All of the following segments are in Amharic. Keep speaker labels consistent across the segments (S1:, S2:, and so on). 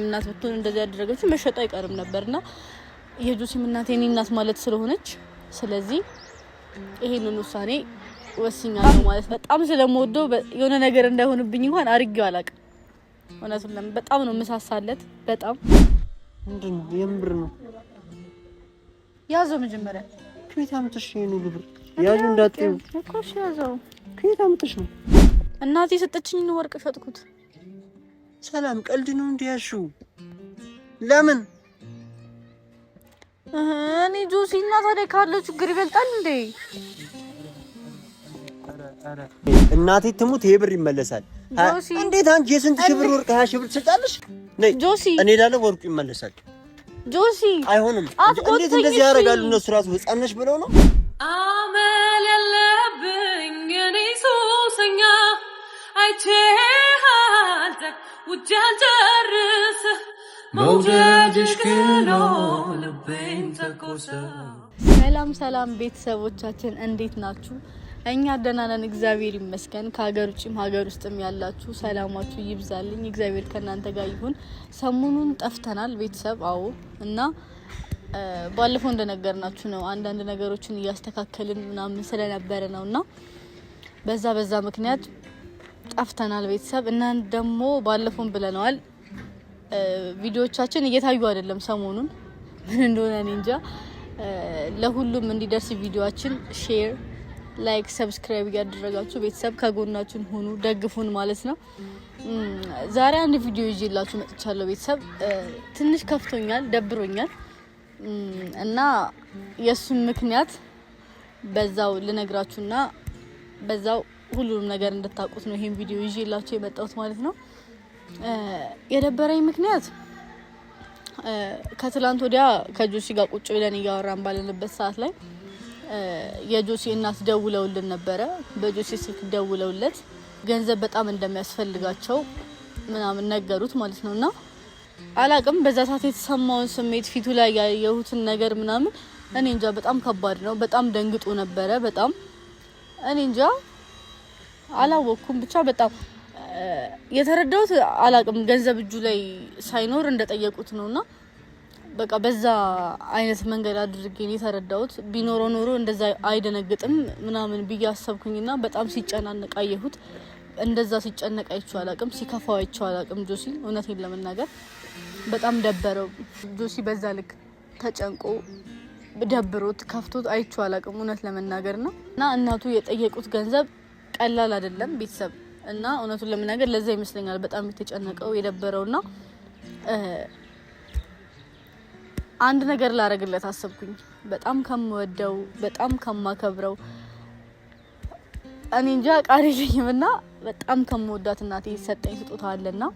S1: እናት ብትሆን እንደዚህ ያደረገች መሸጡ አይቀርም ነበርና የጆሲም እናት የኔ እናት ማለት ስለሆነች፣ ስለዚህ ይሄንን ውሳኔ ወስኛለሁ ማለት በጣም ስለምወደው የሆነ ነገር እንዳይሆንብኝ እንኳን አድርጌው አላውቅም። እውነቱን ለምን በጣም ነው የምሳሳለት። በጣም
S2: ምንድን ነው የምር ነው
S1: ያዘው። መጀመሪያ
S2: ከየት አምጥሽ ይሄን ሁሉ ብር ያዙ እንዳትዪው
S1: እኮ ያዘው።
S2: ከየት አምጥሽ ነው?
S1: እናቴ የሰጠችኝን ወርቅ ሸጥኩት።
S2: ሰላም ቀልድ ነው እንዲያሹ ለምን
S1: እኔ ጆሲ እና ታዲያ ካለ ችግር ይበልጣል እንዴ?
S2: እናቴ ትሙት ይሄ ብር ይመለሳል። እንዴት አንቺ የስንት ሺህ ብር ወርቅ ሀያ ሺህ ብር ትሰጫለሽ? ነይ ጆሲ፣ እኔ እላለሁ ወርቁ ይመለሳል። ጆሲ፣ አይሆንም። እንዴት እንደዚህ ያደርጋሉ እነሱ? ራሱ ህፃን ነሽ ብለው ነው። አመል ያለብኝ እኔ ሱሰኛ አይቼ
S1: ውጃል መውደድሽ ልቤን ተኮሰ። ሰላም ሰላም ቤተሰቦቻችን እንዴት ናችሁ? እኛ ደህና ነን፣ እግዚአብሔር ይመስገን። ከሀገር ውጭም ሀገር ውስጥም ያላችሁ ሰላማችሁ ይብዛልኝ፣ እግዚአብሔር ከእናንተ ጋር ይሁን። ሰሞኑን ጠፍተናል ቤተሰብ አዎ። እና ባለፈው እንደነገርናችሁ ነው አንዳንድ ነገሮችን እያስተካከልን ምናምን ስለነበረ ነው እና በዛ በዛ ምክንያት ጠፍተናል ቤተሰብ እና ደግሞ ባለፉን ብለነዋል። ቪዲዮቻችን እየታዩ አይደለም። ሰሞኑን ምን እንደሆነ እኔ እንጃ። ለሁሉም እንዲደርስ ቪዲዮችን ሼር፣ ላይክ፣ ሰብስክራይብ እያደረጋችሁ ቤተሰብ ከጎናችን ሁኑ፣ ደግፉን ማለት ነው። ዛሬ አንድ ቪዲዮ ይዤላችሁ መጥቻለሁ ቤተሰብ። ትንሽ ከፍቶኛል፣ ደብሮኛል እና የእሱን ምክንያት በዛው ልነግራችሁና በዛው ሁሉንም ነገር እንድታውቁት ነው ይሄን ቪዲዮ ይዤላችሁ የመጣሁት ማለት ነው። የደበረኝ ምክንያት ከትላንት ወዲያ ከጆሲ ጋር ቁጭ ብለን እያወራን ባለንበት ሰዓት ላይ የጆሲ እናት ደውለውልን ነበረ። በጆሲ ስልክ ደውለውለት ገንዘብ በጣም እንደሚያስፈልጋቸው ምናምን ነገሩት ማለት ነው እና አላቅም በዛ ሰዓት የተሰማውን ስሜት ፊቱ ላይ ያየሁትን ነገር ምናምን እኔ እንጃ፣ በጣም ከባድ ነው። በጣም ደንግጦ ነበረ። በጣም እኔ እንጃ አላወቅኩም። ብቻ በጣም የተረዳሁት አላቅም ገንዘብ እጁ ላይ ሳይኖር እንደጠየቁት ነው እና በቃ በዛ አይነት መንገድ አድርጌን የተረዳሁት። ቢኖረ ኖሮ እንደዛ አይደነግጥም ምናምን ብዬ አሰብኩኝና በጣም ሲጨናነቅ አየሁት። እንደዛ ሲጨነቅ አይቼው አላቅም፣ ሲከፋው አይቼው አላቅም። ጆሲ እውነቴን ለመናገር በጣም ደበረው። ጆሲ በዛ ልክ ተጨንቆ ደብሮት ከፍቶት አይቼው አላቅም እውነት ለመናገር ነው እና እናቱ የጠየቁት ገንዘብ ቀላል አይደለም ቤተሰብ እና እውነቱን ለመናገር ለዛ ይመስለኛል በጣም የተጨነቀው የደበረው እና አንድ ነገር ላረግለት አሰብኩኝ። በጣም ከምወደው በጣም ከማከብረው እኔ እንጃ ቃል የለኝም እና በጣም ከምወዳት እናቴ ሰጠኝ ስጦታ ና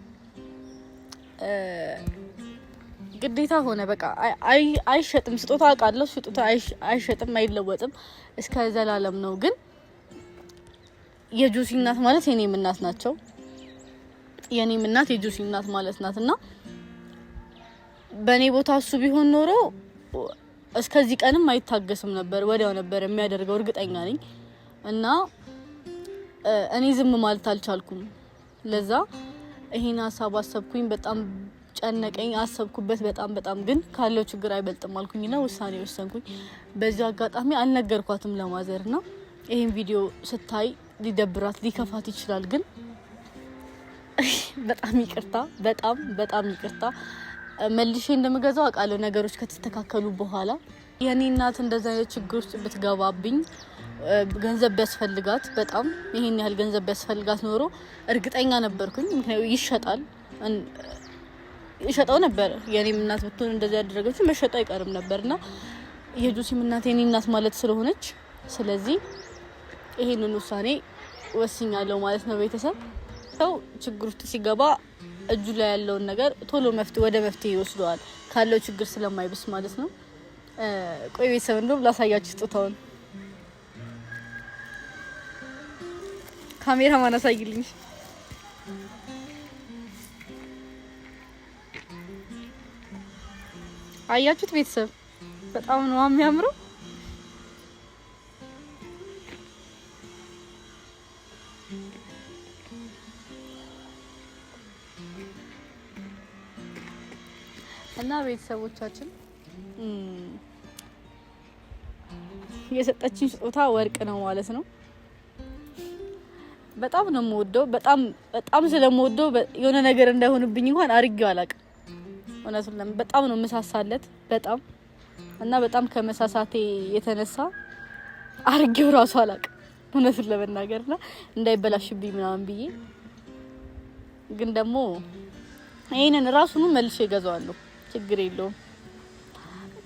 S1: ግዴታ ሆነ። በቃ አይሸጥም ስጦታ አውቃለሁ። ስጦታ አይሸጥም፣ አይለወጥም፣ እስከ ዘላለም ነው ግን የጆሲ እናት ማለት የኔም እናት ናቸው። የኔም እናት የጆሲ እናት ማለት ናት እና በእኔ ቦታ እሱ ቢሆን ኖሮ እስከዚህ ቀንም አይታገስም ነበር፣ ወዲያው ነበር የሚያደርገው እርግጠኛ ነኝ። እና እኔ ዝም ማለት አልቻልኩም። ለዛ ይሄን ሀሳብ አሰብኩኝ፣ በጣም ጨነቀኝ፣ አሰብኩበት በጣም በጣም ግን ካለው ችግር አይበልጥም አልኩኝና ውሳኔ ወሰንኩኝ። በዚህ አጋጣሚ አልነገርኳትም ለማዘር ና ይህን ቪዲዮ ስታይ ሊደብራት ሊከፋት ይችላል። ግን በጣም ይቅርታ፣ በጣም በጣም ይቅርታ መልሼ እንደምገዛው አውቃለሁ። ነገሮች ከተስተካከሉ በኋላ የኔ እናት እንደዛ አይነት ችግር ውስጥ ብትገባብኝ ገንዘብ ቢያስፈልጋት በጣም ይሄን ያህል ገንዘብ ቢያስፈልጋት ኖሮ እርግጠኛ ነበርኩኝ። ምክንያቱ ይሸጣል ይሸጠው ነበር። የኔም እናት ብትሆን እንደዚህ ያደረገች መሸጠው አይቀርም ነበርና የጆሲም እናት የኔ እናት ማለት ስለሆነች ስለዚህ ይሄንን ውሳኔ ወስኛለሁ ማለት ነው። ቤተሰብ ሰው ችግር ውስጥ ሲገባ እጁ ላይ ያለውን ነገር ቶሎ መፍትሄ ወደ መፍትሄ ይወስደዋል ካለው ችግር ስለማይብስ ማለት ነው። ቆይ ቤተሰብ እንደውም ላሳያችሁ ስጦታውን ካሜራ ማን አሳይልኝ። አያችሁት ቤተሰብ በጣም ነው የሚያምረው። እና ቤተሰቦቻችን የሰጠችኝ ስጦታ ወርቅ ነው ማለት ነው። በጣም ነው የምወደው። በጣም በጣም ስለምወደው የሆነ ነገር እንዳይሆንብኝ እንኳን አርጌው አላውቅም። እውነቱን በጣም ነው የምሳሳለት በጣም እና በጣም ከመሳሳቴ የተነሳ አርጌው ራሱ አላውቅም እውነቱን ለመናገርና እንዳይበላሽብኝ ምናምን ብዬ ግን ደግሞ ይህንን ራሱኑ መልሼ እገዛዋለሁ። ችግር የለውም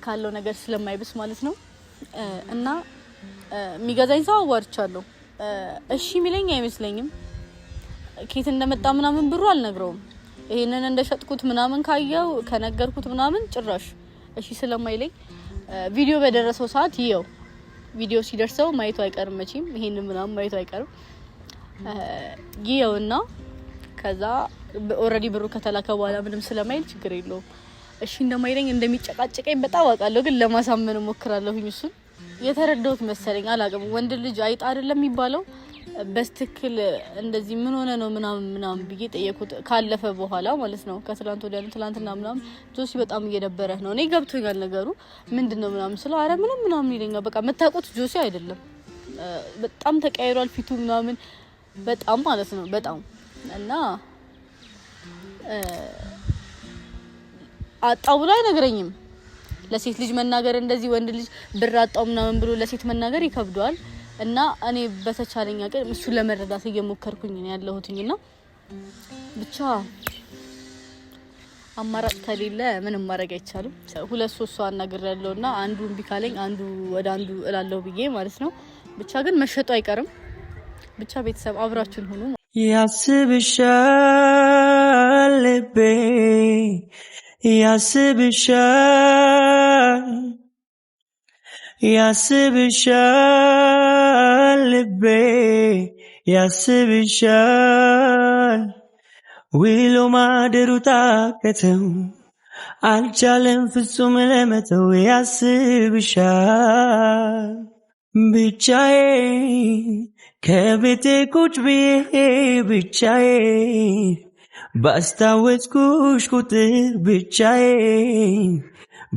S1: ካለው ነገር ስለማይብስ ማለት ነው። እና የሚገዛኝ ሰው አዋርቻለሁ። እሺ የሚለኝ አይመስለኝም። ኬት እንደመጣ ምናምን ብሩ አልነግረውም። ይሄንን እንደሸጥኩት ምናምን ካየው ከነገርኩት ምናምን ጭራሽ እሺ ስለማይለኝ ቪዲዮ በደረሰው ሰዓት ይየው ቪዲዮ ሲደርሰው ማየቱ አይቀርም መቼም ይሄንን ምናምን ማየቱ አይቀርም ይየውና ከዛ ኦልሬዲ ብሩ ከተላከ በኋላ ምንም ስለማይል ችግር የለውም። እሺ እንደማይለኝ እንደሚጨቃጨቀኝ በጣም አውቃለሁ፣ ግን ለማሳመን ሞክራለሁ እሱን የተረዳሁት መሰለኝ አላውቅም። ወንድ ልጅ አይጣ አይደለም የሚባለው በስትክል እንደዚህ ምን ሆነ ነው ምናምን ምናምን ብዬ ጠየቁት። ካለፈ በኋላ ማለት ነው ከትላንት ወዲያ ነው ትላንትና ምናምን ጆሲ በጣም እየደበረ ነው። እኔ ገብቶኛል ነገሩ ምንድን ነው ምናምን ስለው አረ ምንም ምናምን ይለኛል። በቃ የምታውቁት ጆሲ አይደለም በጣም ተቀይሯል ፊቱ ምናምን በጣም ማለት ነው በጣም እና አጣው ብሎ አይነግረኝም። ለሴት ልጅ መናገር እንደዚህ ወንድ ልጅ ብር አጣው ምናምን ብሎ ለሴት መናገር ይከብደዋል። እና እኔ በተቻለኝ አቅም እሱ ለመረዳት እየሞከርኩኝ ነው ያለሁትኝ እና ብቻ አማራጭ ከሌለ ምንም ማድረግ አይቻልም። ሁለት ሶስት ሰው ያለው እና አንዱ እምቢ ካለኝ አንዱ ወደ አንዱ እላለሁ ብዬ ማለት ነው። ብቻ ግን መሸጡ አይቀርም። ብቻ ቤተሰብ አብራችን ሁኑ። ያስብሻል ልቤ ያስብሻል ያስብሻል ልቤ ያስብሻል ውሎ ማደሩ ታከተው አልቻለም ፍጹም ለመተው ያስብሻል ብቻዬ ከቤቴ ቁጭ ብዬ ብቻዬ ባስታወስኩሽ ቁጥር ብቻዬ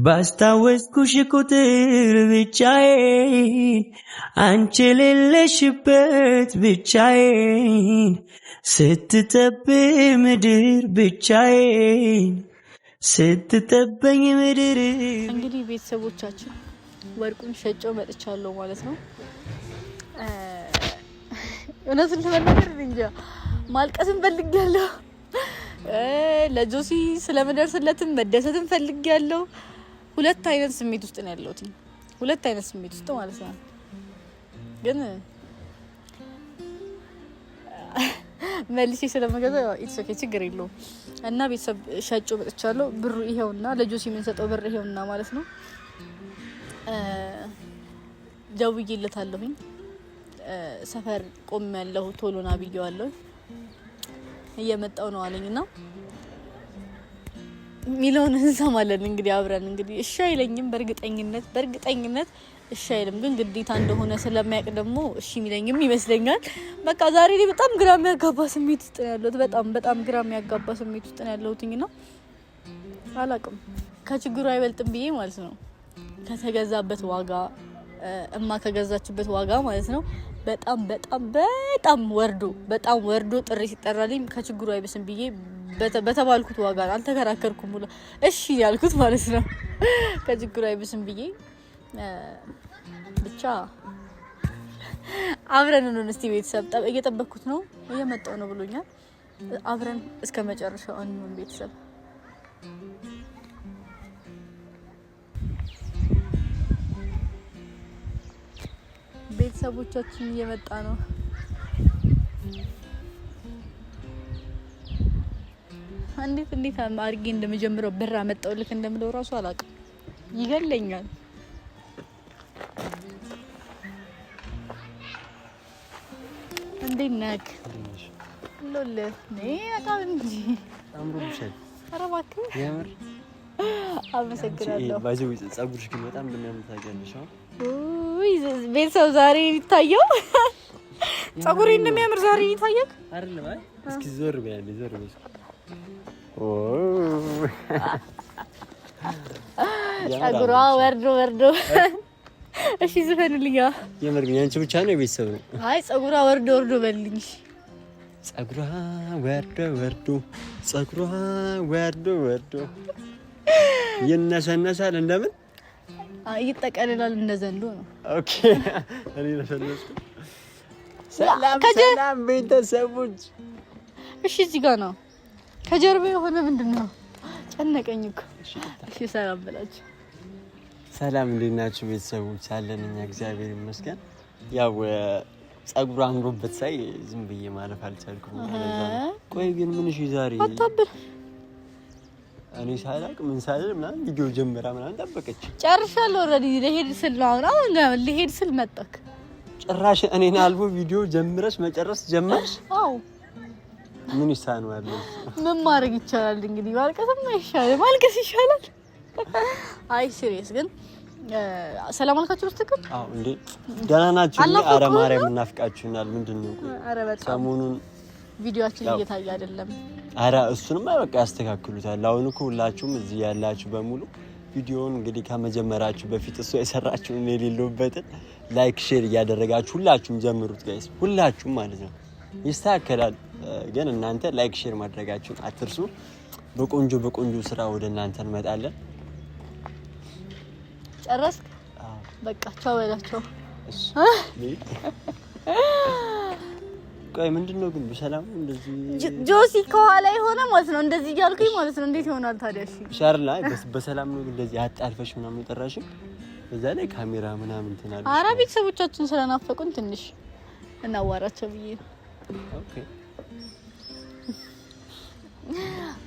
S1: ባስታወስኩሽ ቁጥር ብቻዬ አንቺ የሌለሽበት ብቻዬ ስትጠብ ምድር ብቻዬ ስትጠበኝ ምድር። እንግዲህ ቤተሰቦቻችን ወርቁን ሸጨው መጥቻለሁ ማለት ነው። እውነቱን ለመናገር እንጃ ማልቀስን ፈልጌያለሁ። ለጆሲ ስለመደርስለትም መደሰትም ፈልግ ያለው ሁለት አይነት ስሜት ውስጥ ነው ያለሁት። ሁለት አይነት ስሜት ውስጥ ማለት ነው። ግን መልሴ ስለምገዛ ኢትስ ኦኬ ችግር የለው እና ቤተሰብ ሻጮ መጥቻለሁ። ብሩ ይሄውና፣ ለጆሲ የምንሰጠው ብር ይሄውና ማለት ነው። ደውዬለታለሁኝ። ሰፈር ቆሜያለሁ፣ ቶሎና ብዬዋለሁ። እየመጣው ነው አለኝ እና ሚለውን እንሰማለን እንግዲህ አብረን እንግዲህ እሺ አይለኝም። በእርግጠኝነት በእርግጠኝነት እሺ አይልም፣ ግን ግዴታ እንደሆነ ስለሚያውቅ ደግሞ እሺ የሚለኝም ይመስለኛል። በቃ ዛሬ ላይ በጣም ግራ የሚያጋባ ስሜት ውስጥ ነው ያለሁት። በጣም በጣም ግራ የሚያጋባ ስሜት ውስጥ ነው ያለሁትኝ ነው አላቅም። ከችግሩ አይበልጥም ብዬ ማለት ነው ከተገዛበት ዋጋ እማ ከገዛችበት ዋጋ ማለት ነው በጣም በጣም በጣም ወርዶ በጣም ወርዶ ጥሪ ሲጠራልኝ ከችግሩ አይበስም ብዬ በተባልኩት ዋጋ አልተከራከርኩም። ሙላ እሺ ያልኩት ማለት ነው። ከችግሩ አይበስም ብዬ ብቻ አብረን ነን። እስቲ ቤተሰብ እየጠበኩት ነው፣ እየመጣው ነው ብሎኛል። አብረን እስከ መጨረሻው እንሆን ቤተሰብ ቤተሰቦቻችን እየመጣ ነው። እንዴት እንዴት አድርጌ እንደምጀምረው ብር አመጣው ልክ እንደምለው እራሱ አላውቅም። ይገለኛል። እንዴት ነህ? ሎለ ነይ በጣም እንጂ አምሮብሻል። ኧረ እባክህ የምር አመሰግናለሁ።
S2: ባይዘው ፀጉርሽ ግን በጣም እንደሚያምር ታውቂያለሽ።
S1: ቤተሰብ ዛሬ የሚታየው ጸጉሬ እንደሚያምር ዛሬ ይታየክ
S2: እስኪ ዞር በያል ዞር በይ።
S1: ጸጉሯ ወርዶ ወርዶ። እሺ ዝፈንልኛ።
S2: የምር ብቻ ነው የቤተሰብ ነው?
S1: አይ ወርዶ ወርዶ በልኝ።
S2: ወርዶ ወርዶ፣ ወርዶ ወርዶ ይነሰነሳል እንደምን
S1: ይጠቀልላል እንደ ዘንዶ ነው።
S2: ሰላም ቤተሰቦች።
S1: እሺ እዚህ ነው ከጀርባ የሆነ ምንድን ነው? ጨነቀኝ እኮ። እሺ ሰላም ብላችሁ።
S2: ሰላም እንዴት ናችሁ ቤተሰቦች? አለን እኛ እግዚአብሔር ይመስገን። ያው አምሮበት ሳይ ዝም ብዬ ማለፍ አልቻልኩም። ቆይ ግን ምንሽ ዛሬ እኔ ሳላቅ ምን ሳልል ምናምን ቪዲዮ ጀምራ ምናምን ጠበቀች።
S1: ጨርሻለሁ። ኦልሬዲ ልሄድ ስል ነው አሁን አሁን ልሄድ ስል መጣክ።
S2: ጭራሽ እኔን አልፎ ቪዲዮ ጀምረሽ መጨረስ ጀመርሽ? አዎ። ምን ይሳነዋል?
S1: ምን ማድረግ ይቻላል? እንግዲህ ማልቀስም ይሻላል፣ ማልቀስ ይሻላል። አይ ሲሪየስ ግን ሰላም አልካችሁ ብትክም?
S2: አዎ። እንዴ ደህና ናችሁ? አረ ማርያም እናፍቃችሁናል። ምንድን ነው ሰሞኑን
S1: ቪዲዮችን እየታየ አይደለም።
S2: አረ እሱንማ በቃ ያስተካክሉታል። አሁን እኮ ሁላችሁም እዚህ ያላችሁ በሙሉ ቪዲዮውን እንግዲህ ከመጀመራችሁ በፊት የሰራችሁ የሰራችሁን የሌለበትን ላይክ፣ ሼር እያደረጋችሁ ሁላችሁም ጀምሩት ጋይስ፣ ሁላችሁም ማለት ነው። ይስተካከላል። ግን እናንተ ላይክ፣ ሼር ማድረጋችሁን አትርሱ። በቆንጆ በቆንጆ ስራ ወደ እናንተ እንመጣለን።
S1: ጨረስክ? በቃ ቻው በላቸው።
S2: ቆይ ምንድን ነው ግን በሰላም እንደዚህ
S1: ጆሲ ከኋላ የሆነ ማለት ነው እንደዚህ እያልኩኝ ማለት ነው። እንዴት ይሆናል ታዲያ? እሺ
S2: ሻርላ በሰላም ነው እንደዚህ አጣልፈሽ ምናምን የጠራሽ በዛ ላይ ካሜራ ምናምን እንትን አለ።
S1: ኧረ ቤተሰቦቻችን ስለናፈቁን ትንሽ እናዋራቸው ብዬ ኦኬ።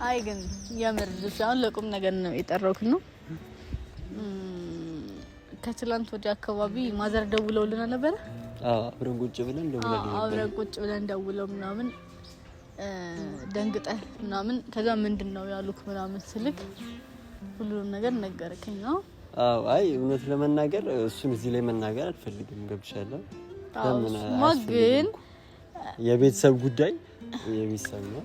S1: አይ ግን የምር ጆሲ አሁን ለቁም ነገር ነው የጠራሁት ነው። ከትላንት ወዲያ አካባቢ ማዘር ደውለውልና ነበረ
S2: አብረን ቁጭ ብለን
S1: ደውለን አብረን ቁጭ ብለን ደውለው ምናምን ደንግጠ ምናምን ከዛ ምንድን ነው ያሉክ ምናምን ስልክ ሁሉንም ነገር ነገርከኝ። ነው
S2: አይ እውነት ለመናገር እሱን እዚህ ላይ መናገር አልፈልግም። ገብሻለሁ ግን የቤተሰብ ጉዳይ የቤተሰብ ነው።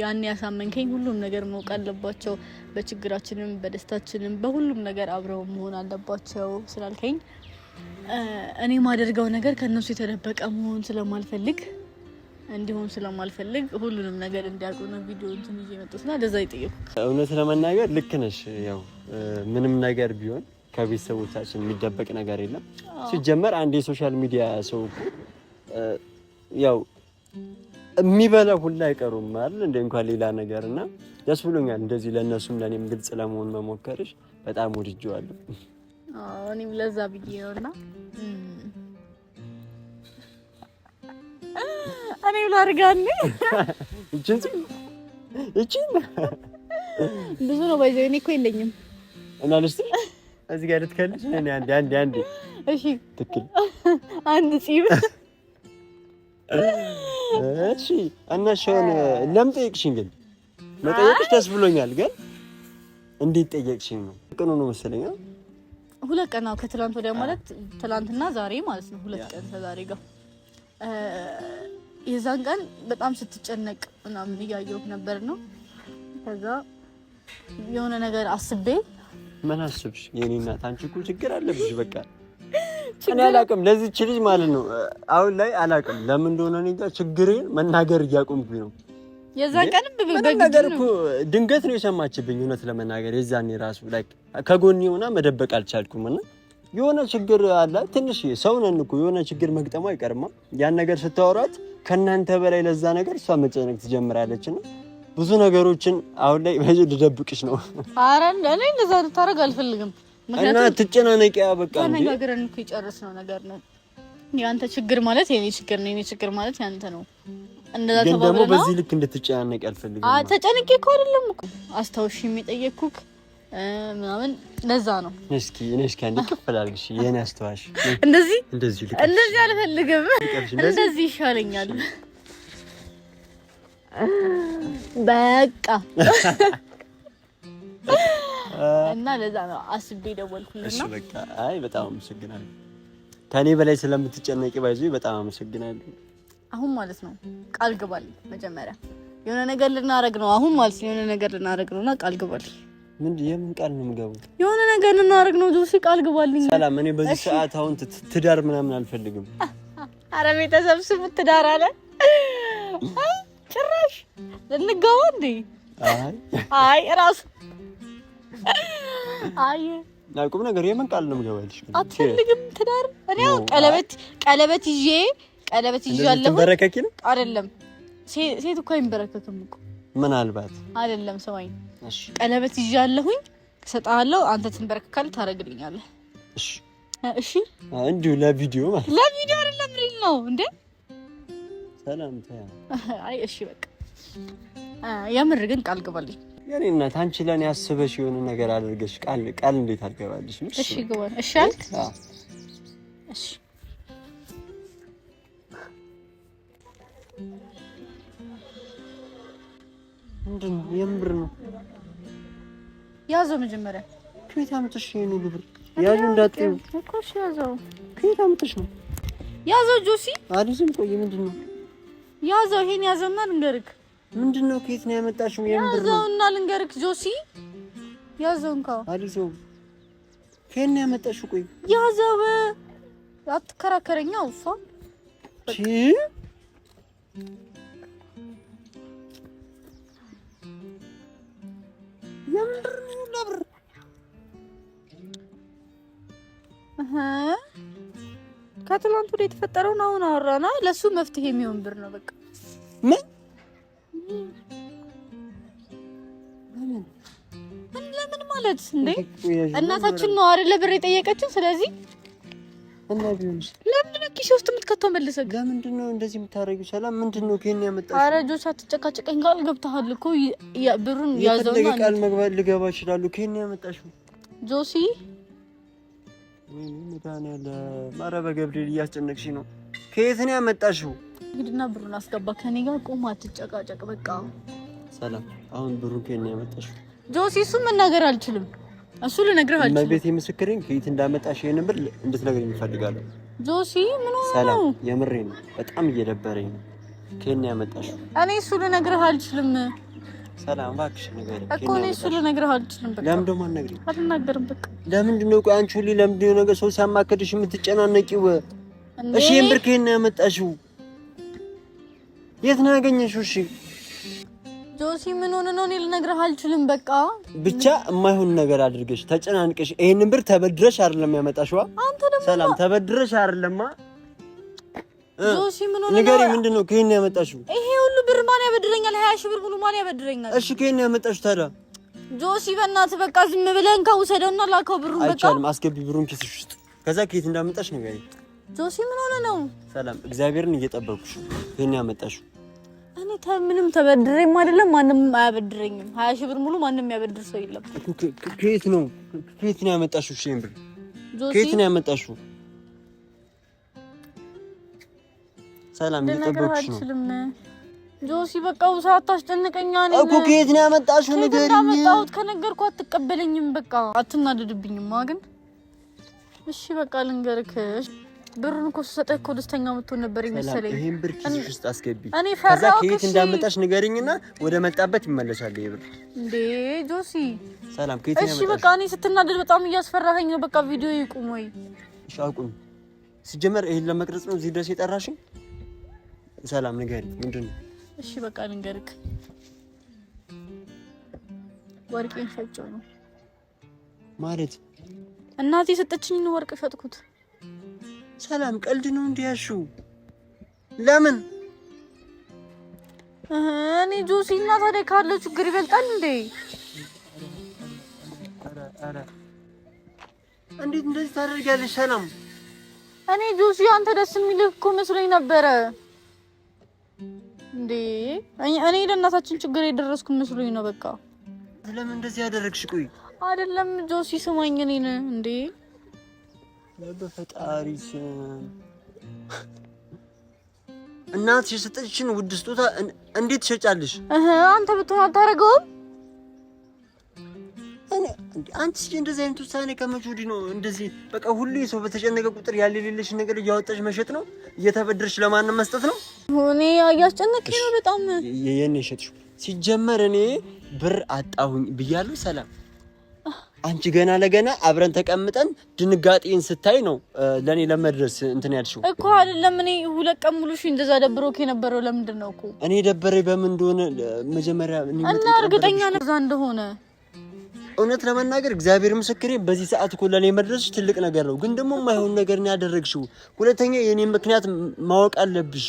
S1: ያን ያሳመንከኝ ሁሉም ነገር መውቃ አለባቸው፣ በችግራችንም በደስታችንም በሁሉም ነገር አብረው መሆን አለባቸው ስላልከኝ እኔ ማደርገው ነገር ከእነሱ የተደበቀ መሆን ስለማልፈልግ እንዲሆን ስለማልፈልግ ሁሉንም ነገር እንዲያውቁ ነው ቪዲዮ እንትን ይዤ የመጡትና ደዛ ይጠየቁ።
S2: እውነት ለመናገር ልክ ነሽ። ያው ምንም ነገር ቢሆን ከቤተሰቦቻችን የሚደበቅ ነገር የለም። ሲጀመር አንድ የሶሻል ሚዲያ ሰው ያው የሚበላ ሁላ አይቀሩም አይደል? እንደ እንኳን ሌላ ነገር እና ደስ ብሎኛል። እንደዚህ ለእነሱም ለእኔም ግልጽ ለመሆን መሞከርሽ በጣም ወድጄዋለሁ።
S1: እኔም ለዛ ብዬ ነውና እኔም ላድርጋኒ
S2: እቺን እቺን
S1: ብዙ ነው ባይዘው እኔ እኮ የለኝም
S2: እና ልስቲ እዚህ ጋር ልትከልሽ እኔ አንዴ አንዴ አንዴ
S1: እሺ ትክል አንድ ፂም
S2: እሺ እና ሸውን ለምን ጠየቅሽኝ? ግን መጠየቅሽ ደስ ብሎኛል። ግን እንዴት ጠየቅሽኝ ነው ቅኑ ነው መሰለኝ
S1: ሁለት ቀን ነው ከትላንት ወዲያ ማለት ትላንትና ዛሬ ማለት ነው። ሁለት ቀን ከዛሬ ጋር የዛን ቀን በጣም ስትጨነቅ ምናምን እያየሁ ነበር ነው። ከዛ የሆነ ነገር አስቤ
S2: ምን አስብሽ? የኔ እናት አንቺ እኮ ችግር አለብሽ። በቃ እኔ አላቅም ለዚች ልጅ ማለት ነው። አሁን ላይ አላቅም ለምን እንደሆነ እኔ እንጃ። ችግሬን መናገር እያቆምኩኝ ነው ቀን ምንም ነገር እኮ ድንገት ነው የሰማችብኝ። እውነት ለመናገር የዛኔ ራሱ ላይክ ከጎን የሆና መደበቅ አልቻልኩም እና የሆነ ችግር አለ። ትንሽ ሰው ነን እኮ የሆነ ችግር መግጠሙ አይቀርማ። ያን ነገር ስታወራት ከእናንተ በላይ ለዛ ነገር እሷ መጨነቅ ትጀምራለች እና ብዙ ነገሮችን አሁን ላይ በዚ ልደብቅሽ ነው።
S1: ኧረ እኔ እንደዛ ልታደርግ አልፈልግም።
S2: እና ትጨናነቂያ በቃ
S1: ተነጋግረን እኮ የጨረስነው ነገር ነው። የአንተ ችግር ማለት የኔ ችግር ነው፣ የኔ ችግር ማለት ያንተ ነው።
S2: ግን ደግሞ በዚህ ልክ እንድትጨናነቅ አልፈልግም።
S1: ተጨንቄ እኮ አይደለም እኮ አስታውሽ የሚጠየቅኩክ ምናምን ለዛ ነው።
S2: እስኪ እኔ እስኪ አንድ ክፍል አድርግሽ የኔ አስተዋሽ። እንደዚህ እንደዚህ እንደዚህ
S1: አልፈልግም፣ እንደዚህ ይሻለኛል። በቃ እና ለዛ ነው አስቤ ደወልኩልና።
S2: እሺ በቃ አይ፣ በጣም አመሰግናለሁ። ከኔ በላይ ስለምትጨነቂ ባይዙ በጣም አመሰግናለሁ።
S1: አሁን ማለት ነው ቃል ግባል። መጀመሪያ የሆነ ነገር ልናረግ ነው አሁን ማለት ነው። የሆነ ነገር ልናረግ ነውና ቃል ግባል።
S2: ምን የምን ቃል ነው የምገቡ?
S1: የሆነ ነገር ልናረግ ነው ጆሲ፣ ቃል ግባልኝ።
S2: ሰላም፣ እኔ በዚህ ሰዓት አሁን ትዳር ምናምን አልፈልግም።
S1: አረ ቤተሰብ ስሙት፣ ትዳር አለ ጭራሽ ልንገባ እንዴ? አይ ራሱ አይ
S2: ቁም ነገር የምን ቃል ነው የምገባልሽ?
S1: አትፈልግም ትዳር? እኔ ቀለበት ቀለበት ይዤ ቀለበት ይዣለሁ። ተበረከኪ ነው አይደለም? ሴት እኮ አይንበረከክም እኮ ምናልባት አይደለም ሰው አይን። እሺ ቀለበት ይዣለሁኝ እሰጥሃለሁ። አንተ ትንበረከካለህ፣ ታደርግልኛለህ። እሺ እሺ።
S2: እንዲሁ ለቪዲዮ ማለት
S1: ለቪዲዮ አይደለም። ሪል ነው እንዴ? ሰላምታ። አይ እሺ በቃ የምር ግን ቃል ግባልኝ።
S2: የኔ እናት አንቺ ለኔ አስበሽ የሆነ ነገር አድርገሽ ቃል ቃል እንዴት አልገባልሽ?
S1: እሺ ግባ። እሺ አልክ። እሺ
S2: ምንድን ነው? የምር ነው።
S1: ያዘው መጀመሪያ።
S2: ከየት አምጥሽ ይሄን ሁሉ ብር? ያዘው እንዳትዪው
S1: እኮ እሺ። ያዘው
S2: ከየት አምጥሽ ነው? ያዘው ጆሲ። አሪፍ ዝም ቆይ። ምንድን ነው?
S1: ያዘው ይሄን ያዘውና ልንገርክ።
S2: ምንድን ነው? ከየት ነው ያመጣሽው? የምር ነው።
S1: ያዘውና ልንገርክ ጆሲ። ያዘው እንካ።
S2: አሪፍ ነው። ከየት ነው ያመጣሽው? ቆይ
S1: ያዘው። አትከራከረኛ ውፋ
S2: የምር ለብር
S1: ከትላንት ወደ የተፈጠረውን አሁን አወራና ለሱ መፍትሄ የሚሆን ብር ነው። በቃ ምን ለምን ማለት እንዴ? እናታችን ነው አይደል ብር የጠየቀችው። ስለዚህ እና ቢሆንስ ለምን ነው ኪሴ ውስጥ የምትከተው? መልሰ
S2: ለምንድን ነው እንደዚህ የምታረጊው? ሰላም ምንድን ነው ግን ያመጣሽ?
S1: ኧረ ጆስ አትጨቃጨቀኝ። ቃል ገብተሃል እኮ ብሩን ያዘውና
S2: ቃል መግባት ልገባ እችላለሁ። ግን ያመጣሽ ጆሲ ኧረ በገብርኤል እያስጨነቅሽ ነው። ከየት ነው ያመጣሽው?
S1: እንግዲህና ብሩን አስገባ። ከኔ ጋር ቁም፣ አትጨቃጨቅ። በቃ
S2: ሰላም፣ አሁን ብሩን ከኔ ነው ያመጣሽው?
S1: ጆሲ ምን ነገር አልችልም እሱ ልነግርህ አልችልም።
S2: ቤት ምስክሬን ከየት እንዳመጣሽ ይሄንን ብር እንድትነግሪኝ እፈልጋለሁ።
S1: ጆሲ ምን
S2: ሆነ ነው? የምሬ ነው። በጣም እየደበረኝ ነው። ከየት ነው
S1: እኔ እሱ ልነግርህ አልችልም።
S2: ሰላም እባክሽ ንገሪኝ
S1: እኮ እኔ እሱ ልነግርህ አልችልም።
S2: በቃ ለምን ደግሞ አልነግርም?
S1: አልናገርም። በቃ
S2: ለምንድን ነው ቆይ፣ አንቺ ሁሌ ለምንድን ነው ነገር ሰው ሲያማከድሽ የምትጨናነቂው? እሺ ይሄን ብር ከየት ነው ያመጣሽው? የት ነው ያገኘሽው? እሺ
S1: ጆሲ ምን ሆነ ነው? እኔ ልነግርህ አልችልም። በቃ
S2: ብቻ የማይሆን ነገር አድርገሽ ተጨናንቀሽ ይሄንን ብር ተበድረሽ አይደለም ያመጣሽዋ። አንተ ደግሞ ሰላም ተበድረሽ አይደለማ። ዶሲ ምን ሆነ? ንገሪኝ፣ ምንድን ነው ከየት ነው ያመጣሽው?
S1: ይሄ ሁሉ ብር ማን ያበድረኛል? ሀያ ሺህ ብር ሙሉ ማን ያበድረኛል?
S2: እሺ ከየት ነው ያመጣሽው ታዲያ?
S1: ጆሲ በእናትህ በቃ ዝም ብለን እንካ ውሰደውና ላከው ብሩን።
S2: በቃ አይቻልም። አስገቢ ብሩን ኪስሽ ውስጥ። ከዛ ከየት እንዳመጣሽ ንገሪኝ።
S1: ጆሲ ምን ሆነ ነው?
S2: ሰላም እግዚአብሔርን እየጠበኩሽ ይሄን ያመጣሽው?
S1: እኔ ምንም ተበድሬም አይደለም ማንም አያበድረኝም። ሀያ ሺህ ብር ሙሉ ማንም ያበድር ሰው የለም።
S2: ከየት ነው ከየት ነው ያመጣሽው? ሺህ ብር ከየት ነው ያመጣሽው? ሰላም
S1: ጆሲ። በቃ ሰዓት ታስጨንቀኛ ነኝ
S2: እኮ። ከየት ነው ያመጣሽው? ንገሪኝ። እንዳመጣሁት
S1: ከነገርኩ አትቀበለኝም። በቃ አትናደድብኝማ። ግን እሺ በቃ ልንገርክሽ ብሩን እኮ ስሰጠህ እኮ ደስተኛ የምትሆን ነበር
S2: ይመስለኝ። ይሄን ብር ኪስሽ ውስጥ አስገቢ። እኔ ከዛ ከየት እንዳመጣሽ ንገሪኝና ወደ መጣበት ይመለሳል ይሄ ብር።
S1: እንዴ ጆሲ፣ ሰላም ከየት ነው? እሺ በቃ እኔ ስትናደድ በጣም እያስፈራኸኝ ነው። በቃ ቪዲዮ ይቁም ወይ?
S2: እሺ አቁም። ሲጀመር ይሄን ለመቅረጽ ነው እዚህ ድረስ የጠራሽኝ? ሰላም ንገሪ፣ ምንድን ነው?
S1: እሺ በቃ ንገርክ። ወርቄን ሸጬው ነው ማለት እናቴ የሰጠችኝን ወርቅ ሸጥኩት።
S2: ሰላም ቀልድ ነው እንዲያሹ ለምን
S1: እኔ ጆሲ እና ታዲያ ካለው ችግር ይበልጣል እንዴ?
S2: እንዴት እንደዚህ ታደርጊያለሽ? ሰላም
S1: እኔ ጆሲ አንተ ደስ የሚልህ እኮ መስሎኝ ነበረ እንዴ። እኔ ለእናታችን ችግር የደረስኩ መስሎኝ ነው። በቃ
S2: ለምን እንደዚህ ያደረግሽ? ቆይ
S1: አይደለም ጆሲ ስማኝ እኔን እንዴ
S2: በፈጣሪ እናት የሰጠችን ውድ ስጦታ እንዴት ትሸጫለሽ?
S1: አንተ ብትሆን አታደርገውም።
S2: አንቺ እንደዚህ አይነት ውሳኔ ከመቼ ወዲህ ነው? እንደዚህ በቃ ሁሌ ሰው በተጨነቀ ቁጥር ያለ የሌለሽን ነገር እያወጣሽ መሸጥ ነው? እየተበደርሽ ለማንም መስጠት ነው?
S1: እኔ እያስጨነቀኝ ነው በጣም።
S2: የኔ ሸጥሽ ሲጀመር እኔ ብር አጣሁኝ ብያለሁ። ሰላም አንቺ ገና ለገና አብረን ተቀምጠን ድንጋጤን ስታይ ነው ለእኔ ለመድረስ እንትን ያልሽው
S1: እኮ አይደለም። እኔ ሁለት ቀን ሙሉ እሺ፣ እንደዛ ደብሮ የነበረው ለምንድን ነው እኮ
S2: እኔ ደበረኝ በምን እንደሆነ መጀመሪያ
S1: እና እርግጠኛ ነው እንደሆነ
S2: እውነት ለመናገር እግዚአብሔር ምስክሬ፣ በዚህ ሰዓት እኮ ለእኔ መድረስሽ ትልቅ ነገር ነው። ግን ደግሞ የማይሆን ነገር ነው ያደረግሽው። ሁለተኛ የእኔ ምክንያት ማወቅ አለብሽ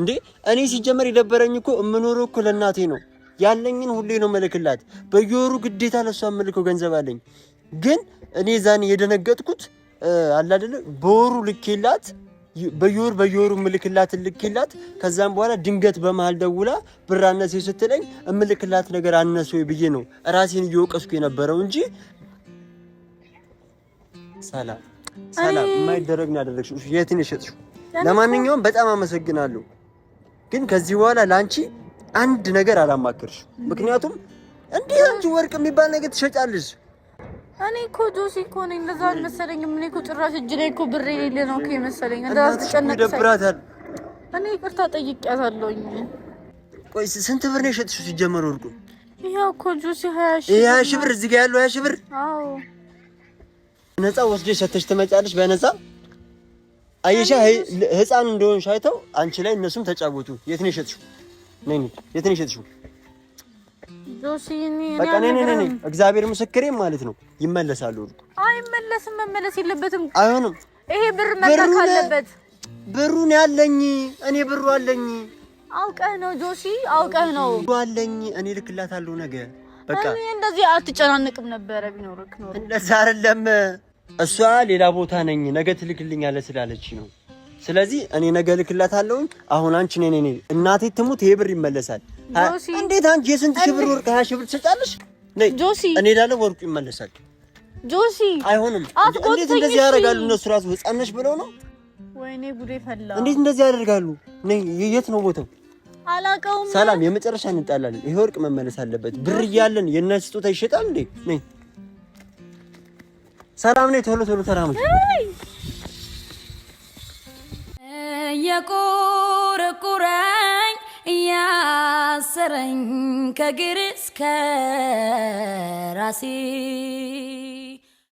S2: እንዴ። እኔ ሲጀመር የደበረኝ እኮ የምኖረው እኮ ለእናቴ ነው ያለኝን ሁሌ ነው መልክላት። በየወሩ ግዴታ ለሷ መልከው ገንዘብ አለኝ። ግን እኔ ዛን የደነገጥኩት አላደለ በወሩ ልኬላት በየወር በየወሩ ምልክላት ልክላት ከዛም በኋላ ድንገት በመሀል ደውላ ብር አነሰ ስትለኝ እምልክላት ነገር አነሰ ብዬ ነው ራሴን እየወቀስኩ የነበረው እንጂ ሰላም ሰላም፣ የማይደረግ ነው ያደረግሽው። የትን የሸጥሽው? ለማንኛውም በጣም አመሰግናለሁ። ግን ከዚህ በኋላ ለአንቺ አንድ ነገር አላማከርሽ። ምክንያቱም እንዲህ አንቺ ወርቅ የሚባል ነገር ትሸጫለሽ።
S1: እኔ እኮ ጆሲ እኮ ነኝ፣ እንደዛ አልመሰለኝም። እኔ እኮ ጭራሽ እጅ ላይ እኮ ብር የሌለ ነው እኮ የመሰለኝ።
S2: እንደዛ ስትጨነቅ ይደብራታል።
S1: እኔ ይቅርታ ጠይቄያታለሁኝ።
S2: ቆይ ስንት ብር ነው የሸጥሽው ሲጀመር ወርቁ?
S1: ይሄ እኮ ጆሲ ሀያ ሺህ
S2: ሀያ ሺህ ብር እዚህ ጋር ያለው ሀያ ሺህ ብር። አዎ ነፃ ወስደሽ ሰተሽ ትመጫለሽ በነፃ አየሻ። ህፃን እንደሆንሽ አይተው አንቺ ላይ እነሱም ተጫወቱ። የት ነው የሸጥሽው? የት ነሽ እግዚአብሔር ማለት ነው። ይመለሳሉ።
S1: አይመለስም። መመለስ የለበትም። አይሆንም። ይሄ ብር
S2: ብሩን ያለኝ እኔ ብሩ አለኝ።
S1: አውቀህ ነው ጆሲ፣ አውቀህ ነው። ብሩ
S2: አለኝ እኔ ልክላታለሁ ነገ።
S1: በቃ እንደዚህ አትጨናነቅም ነበረ ቢኖርክ ኖሮ።
S2: እንደዛ አይደለም። እሷ ሌላ ቦታ ነኝ ነገ ትልክልኛለህ ስላለች ነው ስለዚህ እኔ ነገ እልክላታለሁ። አሁን አንቺ ነኝ ነኝ እናቴ ትሙት ይሄ ብር ይመለሳል። እንዴት አንቺ የስንት ሺህ ብር ወርቅ ሀያ ሺህ ብር ትሰጫለሽ? ጆሲ እኔ እላለሁ ወርቁ ይመለሳል። ጆሲ አይሆንም። እንዴት እንደዚህ ያደርጋሉ? እነሱ ራሱ ህፃን ነሽ ብለው ነው።
S1: ወይኔ ጉዴ ፈላ።
S2: እንዴት እንደዚህ ያደርጋሉ? የት ነው ቦታው? አላውቀውም። ሰላም፣ የመጨረሻ እንጣላለን። ይሄ ወርቅ መመለስ አለበት። ብር እያለን የእናት ስጦታ ይሸጣል እንዴ? ሰላም፣ ነኝ። ቶሎ ቶሎ ተራመድ እየቆረቆረኝ እያሰረኝ ከግር እስከ ራሴ